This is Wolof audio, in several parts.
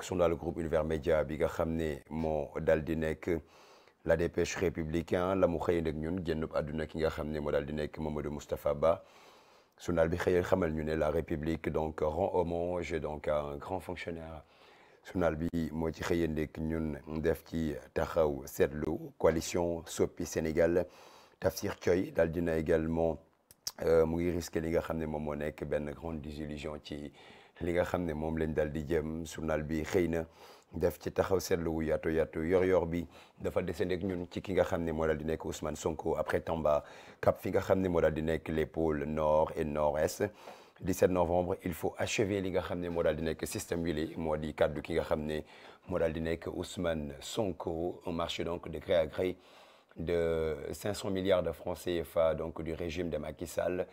sont dans le groupe Univers Média bi nga mon ne moo la dépêche républicain la mu xëy nag ñun génn àdduna ki nga xam ne moo daal Mamadou Moustapha Ba Sonal bi xëy xamal ñu la République donc rend hommage donc à un grand fonctionnaire Sonal bi moo ci xëy ndek ñun def ci taxaw coalition Sopi Sénégal Tafsir Thioye daal également euh, mu ngi risqué li nga xam ne moom moo grande désillusion ci li nga xam mom moom lañ dal di jëm journal bi xeyna def ci taxaw seetlu wu yato yor-yor bi dafa desandi ak ñun ci ki nga xam mo dal di nek Ousmane Sonko après Tamba cap fi nga xam mo dal di nek les pôles nord et nord-est. 17 novembre il faut achever li nga xam mo dal di nek système wili li moo di ki nga xam mo dal di nek Ousmane Sonko un marché donc de gré à gré de 500 milliards de francs CFA donc du régime de Macky Sall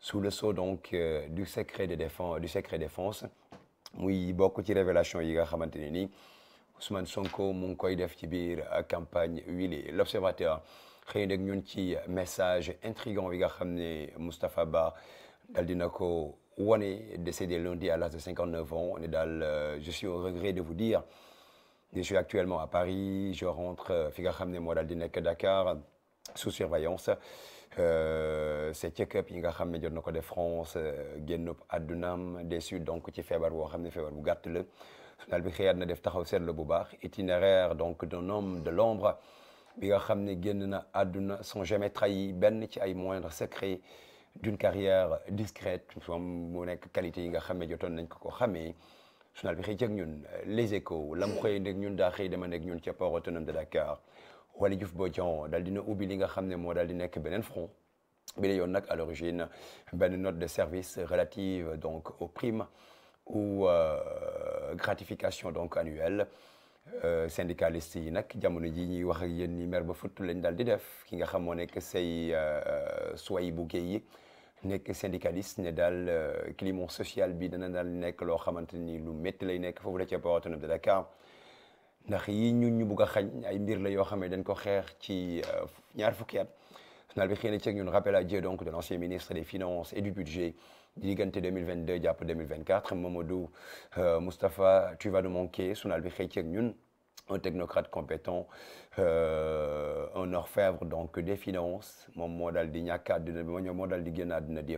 sous le sceau donc euh, du secret de défense du secret défense beaucoup de révélations. révélation yi nga ni Ousmane Sonko mon ngi koy def ci campagne wili l'observateur xëy y ñun ci message intrigant yi nga xamné Mustafa Ba dal dina ko décédé lundi à l'âge de 59 ans euh, je suis au regret de vous dire je suis actuellement à Paris je rentre euh, fi nga xamné Dakar sous surveillance c'est euh, check up yi nga xamné jot nako ko def France euh, génn àddunaam déçu donc ci feebar bo xamné ne bu gàtt le dal bi xëyaat na def taxaw seetlu bu baax itinéraire donc d'un homme de l'ombre bi nga xamné ne génn na àdduna sans jamais trahi ben ci ay moindre secret d'une carrière discrète moom mo nek qualité yi nga xamné jotone jotoon nañ ko ko xamee journal bi xey ci ak ñun les échos lam xey xëy ñun da xey dama nekk ñun ci port autonome de Dakar Waly Diouf Bodian dal dina ubbi li nga xam mo dal di nek benen front bi la yon nak à l'origine benn note de service relative donc aux primes ou euh, gratifications donc annuelles euh, syndicalistes yi nag jamono ji ñi wax ak yéen ni mer ba futu lañ dal di def ki nga xamone que nekk say soyi bu géey nek syndicaliste ne daal euh, climat social bi dana daal nekk loo xamante ni lu métti lay nek fofu la ca port de Dakar ndax yi ñun ñu bugg a ay mbir la dañ ko ci euh, ñaar fukki à donc de l'ancien ministre des finances et du budget diggante 2022 jàpp 2024 Mamadou euh, Moustapha tu vas nous manquer journal bi ñun un technocrate compétent euh, un orfèvre donc des finances moom moo di ñàkk bi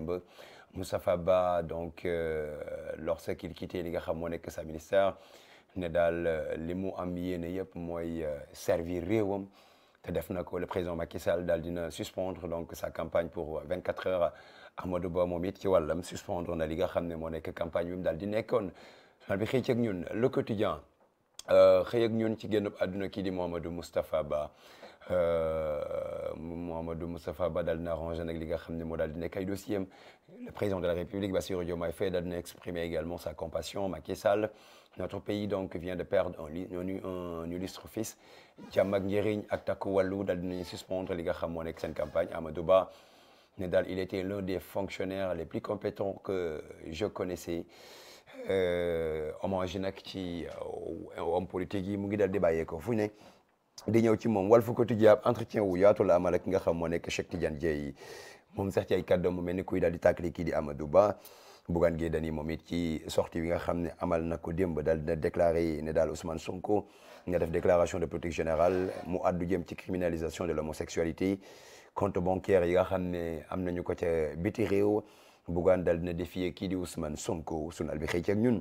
Moustapha Ba donc lorsqu'il quittait li nga xam sa ministère ne dal euh, li mu am yéene yëpp euh, servir rewam te def na ko le président Macky Sall dal dina suspendre donc sa campagne pour 24 euh, heures Amadou Ba moom ci walam suspendre na li nga xam mo nek campagne bim dal di nekkoon journal bi ci ak ñun le quotidien xëy ak ñun ci génnub aduna ki di Mouhamadou Moustapha Ba Mamadou Moustapha Badal n'a dina arrangé nag li nga xam ne moo di ay dossier le président de la République Bassirou Diomaye Faye a exprimé exprimer également sa compassion Macky Sall notre pays donc vient de perdre un un illustre fils jàmm ak njëriñ wallou, a wàllu daal suspendre li nga xam moo campagne Amadou Ba ne il était l'un des fonctionnaires les plus compétents que je connaissais euh, hommage nag ci euh, homme politique yi mu ngi daal di bàyyeekoo fu ne di ci mom Walf Quotidien entretien wu yaatu la amal ak mon nga xam mo nek Cheikh Tidiane Dieye mom sax ci ay cadeau mu melni kuy dal di tàkkali di Amadou Ba Bougane Gueye Dany moom ci sortie wi nga xam ne amal nako demb dal na déclarer déclaré ne dal Ousmane Sonko nga def déclaration de politique générale mu addu jëm ci criminalisation de l'homosexualité compte bancaire yi nga xam ne am nañu ko ci biti réew Bougane dal na défier ki di Ousmane Sonko sunal bi xey ci ak ñun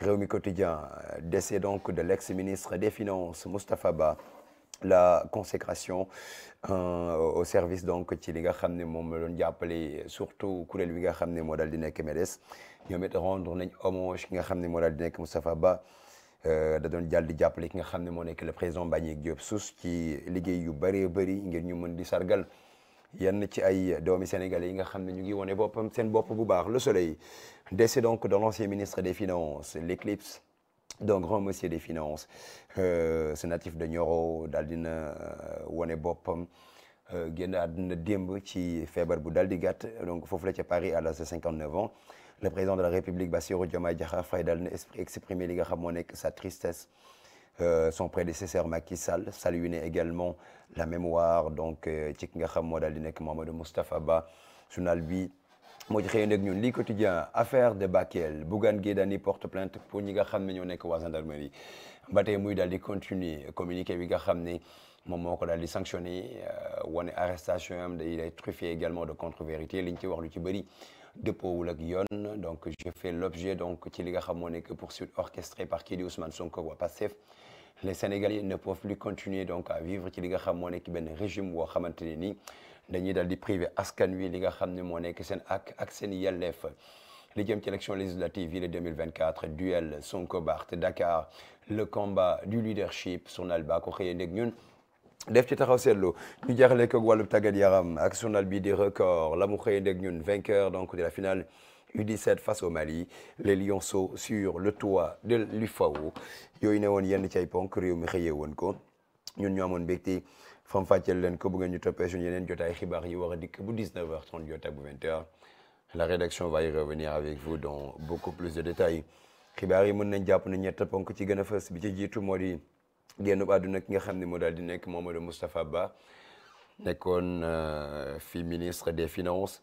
Réumi Quotidien, euh, décès donc de l'ex-ministre des Finances, Mustafa Ba. la consécration euh, au service donc ci li nga Mon ne moom la surtout kuréel bi nga xam ne Kemeres. daal di nekk MEDES ñoom rendre nañ hommage ki nga Moi ne moo di nekk Moustapha Ba euh, da Don jàll di jàppale ki nga xam ne moo le président Mbagnick Diop Souss ci liggéey yu bëree bëri ngir ñu mën di sargal yenn ci ay doomi sénégalais yi nga xam ñu ngi wone boppam seen bopp bu baax le soleil décès donc de l'ancien ministre des finances l'éclipse d'un grand monsieur des finances euh, ce natif de Nioro dal dina euh, wone boppam euh, génn àdduna démb ci feebar bu dal di donc foofu la ca Paris à l'âge de 59 ans le président de la République Bassirou Diomaye a Faye exprimé li nga sa tristesse euh, son prédécesseur Macky Sall salué également la mémoire donc euh, ci ki nga xam moo daal di nekk Mamadou Moustapha Ba journal bi moo ci ñun quotidien affaire de Bakel Bougan Gueye Dany porte plainte pour ñi nga xam ne ñoo nekk waa gendarmerie ba muy daal di continuer communiquer bi nga xam ne moom moo ko daal di euh, arrestation am day truffé également de contre-vérité liñ ci wax lu ci bëri dëppoowul ak donc je fais l'objet donc ci li nga xam que nekk poursuite orchestrée par Kédi Ousmane Sonko waa Pastef les Sénégalais ne peuvent plus continuer donc à vivre ci li nga xamone ki ben régime wo xamanteni ni dañuy dal di privé askan wi li nga xamne mo nek sen ak ak sen yellef li jëm ci élection législative 2024 duel Sonko Barth Dakar le combat du leadership Son alba ko xëyee ndeg ñun def ci taxaw seetlu ñu jaxlé ko walu tagat yaram ak journal bi di record la mu xëyee ñun vainqueur donc de la finale U17 face au Mali les lionceaux sur le toit de l'UFAO yooyu ne woon yenn ci ay ponk réew mi xëyee woon ko ñun ñu amoon mbégte fam fàcceel leen ko bu ngeen ñu toppee suñu yeneen jotaay xibaar yi war a bu 19h30 jotaay bu 20h la rédaction va y revenir avec vous dans beaucoup plus de détails xibaar yi mën nañ jàpp ne ñett ponk ci gën a bi ci jitu modi gennu génn àdduna ki nga xamni mo dal di nek Mohamed Mustafa Ba nekkoon euh, fi ministre des finances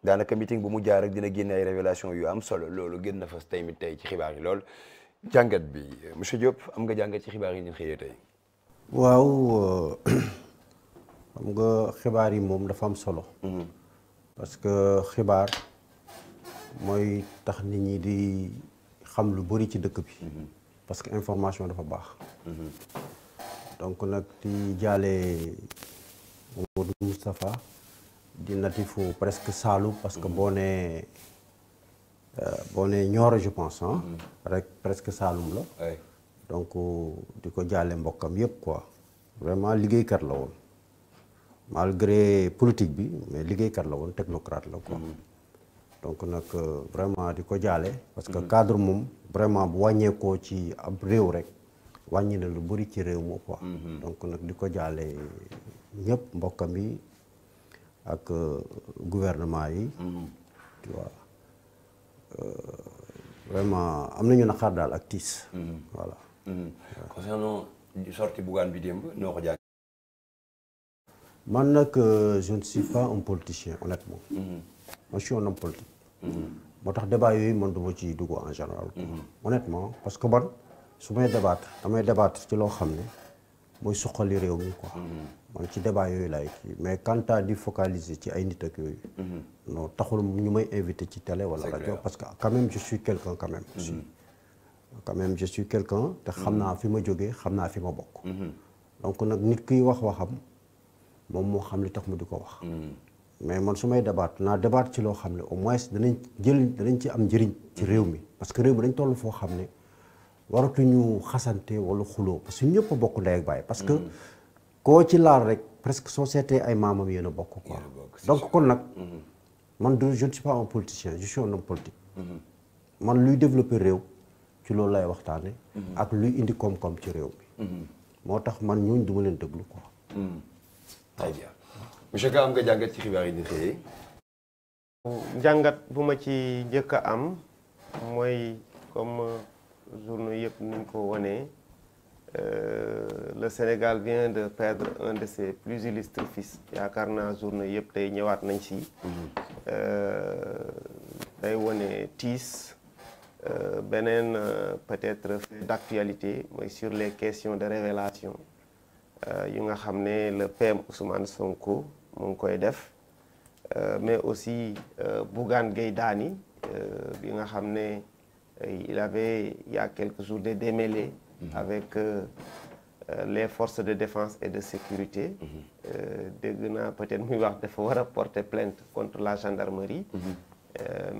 daanaka mitin bu mu jaar rek dina génnee ay révélation yu am solo loolu génn na fas tey mi tey ci xibaar yi lool jàngat bi monsieur Diop am nga jàngat ci xibaar yi ñu xëyee tey. waaw euh, xam nga xibaar yi moom dafa am solo. Mm-hmm. parce que xibaar mooy tax nit ñi di xam lu bari ci dëkk bi. Mm-hmm. parce que information dafa baax. Mm-hmm. donc nag di jaale Modou Moustapha. di natifu presque Saalum parce que boo nee euh, boo nee je pense ah. rek presque Saalum la. donc euh, di ko jaale mbokkam yëpp quoi. vraiment liggéeykat la woon bi mais liggéeykat la woon technocrate la quoi. Mm-hmm. donc nag euh, vraiment di ko jaale. parce que mm-hmm. cadre moom vraiment bu wàññeekoo ci ab réew rek. wàññi na lu bëri ci réew mi quoi. donc nag di ko jaale ñëpp mbokkam yi. avec euh, le gouvernement yi. Mhm. tu vois euh, vraiment am nañu naqar daal ak mhm. voilà. Mhm. concernant sortie Bougane bi démb noo ko jàng. man euh, je ne suis pas un politicien honnêtement. je suis un homme politique. suis un débat yooyu en général. honnêtement parce que bon, su débat. débattre damay débattre ci que je ne moy suqali réew mi quoi. man mm-hmm. ci débat yoy lay kii mais quant à di focaliser ci ay nit ak yooyu. Mm-hmm. non taxul ñu may invité ci télé wala radio parce que quand même je suis quelqu'un quand même. aussi mm-hmm. quand même je suis quelqu'un te xamna fi ma joggé xamna fi ma bokk. donc nak nit ki wax waxam mom mo xam li tax mu di ko wax. mais man sumay débat na débat ci lo xam au moins danañ jël danañ ci am njëriñ ci réew mi parce que réew mi dañ toll foo xam waratuñu xasante wala xuloo parce que ñëpp a bokk ndey ak baay parce que koo ci laal rek presque soo seetee ay maamam yéen a bokk quoi donc kon nag mm-hmm. man du je ne suis pas un politique mm-hmm. man luy développer réew ci loolu lay waxtaane mm-hmm. ak luy indi koom-koom ci réew bi moo tax man ñooñu duma leen déglu quoi très bien monsieur Ka am nga jàngat ci xibaar yi di xëyee jàngat bu ma ci njëkk a am mooy journaux yep euh, le Sénégal vient de perdre un de ses plus illustres fils Yakarna naa journaux yëpp tey ñëwaat nañ ci mhm. euh, day wane tiis euh, beneen peut-être fait d'actualité mais sur les questions de révélation Il nga xamné le PM Ousmane Sonko mu ngi mais aussi Bougane Gueye Il bi nga xamné euh, il avait, il y a quelques jours, des démêlés mhm. avec euh, euh, les forces de défense et de sécurité. Mhm. peut-être de porter plainte contre la gendarmerie. Mhm.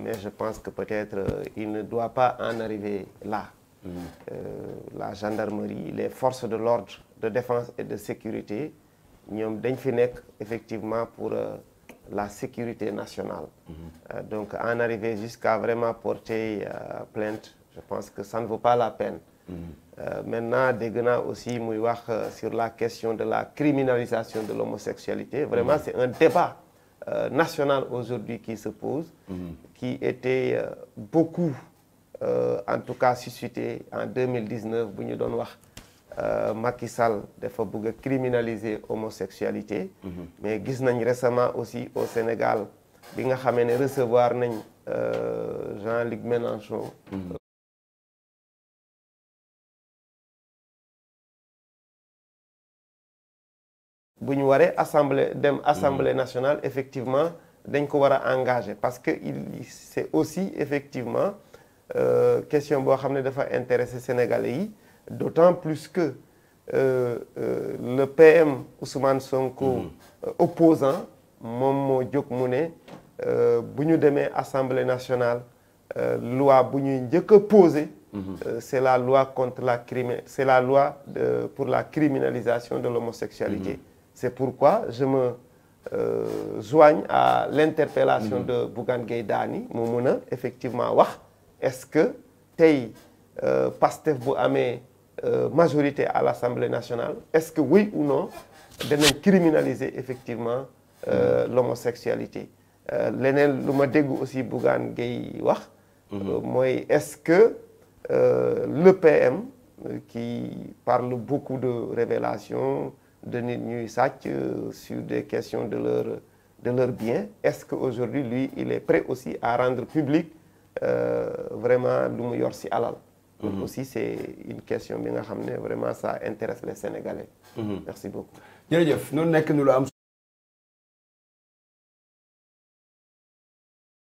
mais je pense que peut-être il ne doit pas en arriver là. la gendarmerie, les forces de l'ordre de défense et de sécurité, nous sommes effectivement pour la sécurité nationale. Mhm. Euh, donc, en arriver jusqu'à vraiment porter euh, plainte, je pense que ça ne vaut pas la peine. Mhm. Euh, maintenant, Degna aussi, Mouiwak, sur la question de la criminalisation de l'homosexualité, vraiment, mhm. c'est un débat national aujourd'hui qui se pose, qui était beaucoup, en tout cas, suscité en 2019, euh, Macky Sall dafa bëgg criminaliser homosexualité. Mhm. mais gis nañ récemment aussi au Sénégal bi nga xamé né recevoir nañ euh, Jean-Luc Mélenchon. Mhm. bu ñu assemblée mhm. nationale effectivement dañ ko parce que il c'est aussi effectivement euh, question de xamné dafa intéresser sénégalais D'autant plus que euh, euh, le PM Ousmane Sonko mhm. euh, opposant Momo moo Mouné, mu assemblée nationale loi bougnou que mhm. c'est la loi contre la crime c'est la loi pour la criminalisation de l'homosexualité mhm. c'est pourquoi je me joigne à l'interpellation de Bougan Gaidani Dany effectivement est-ce que euh, Pastef bu euh, majorité à l'Assemblée nationale, est-ce que oui ou non, de criminaliser effectivement euh, l'homosexualité euh, aussi mhm. est-ce que le PM qui parle beaucoup de révélations de sur des questions de leur de leur bien est-ce qu'aujourd'hui, lui il est prêt aussi à rendre public vraiment lu alal Mhm. aussi c'est une question bien à ramener. vraiment ça intéresse les Sénégalais. Mhm. merci beaucoup.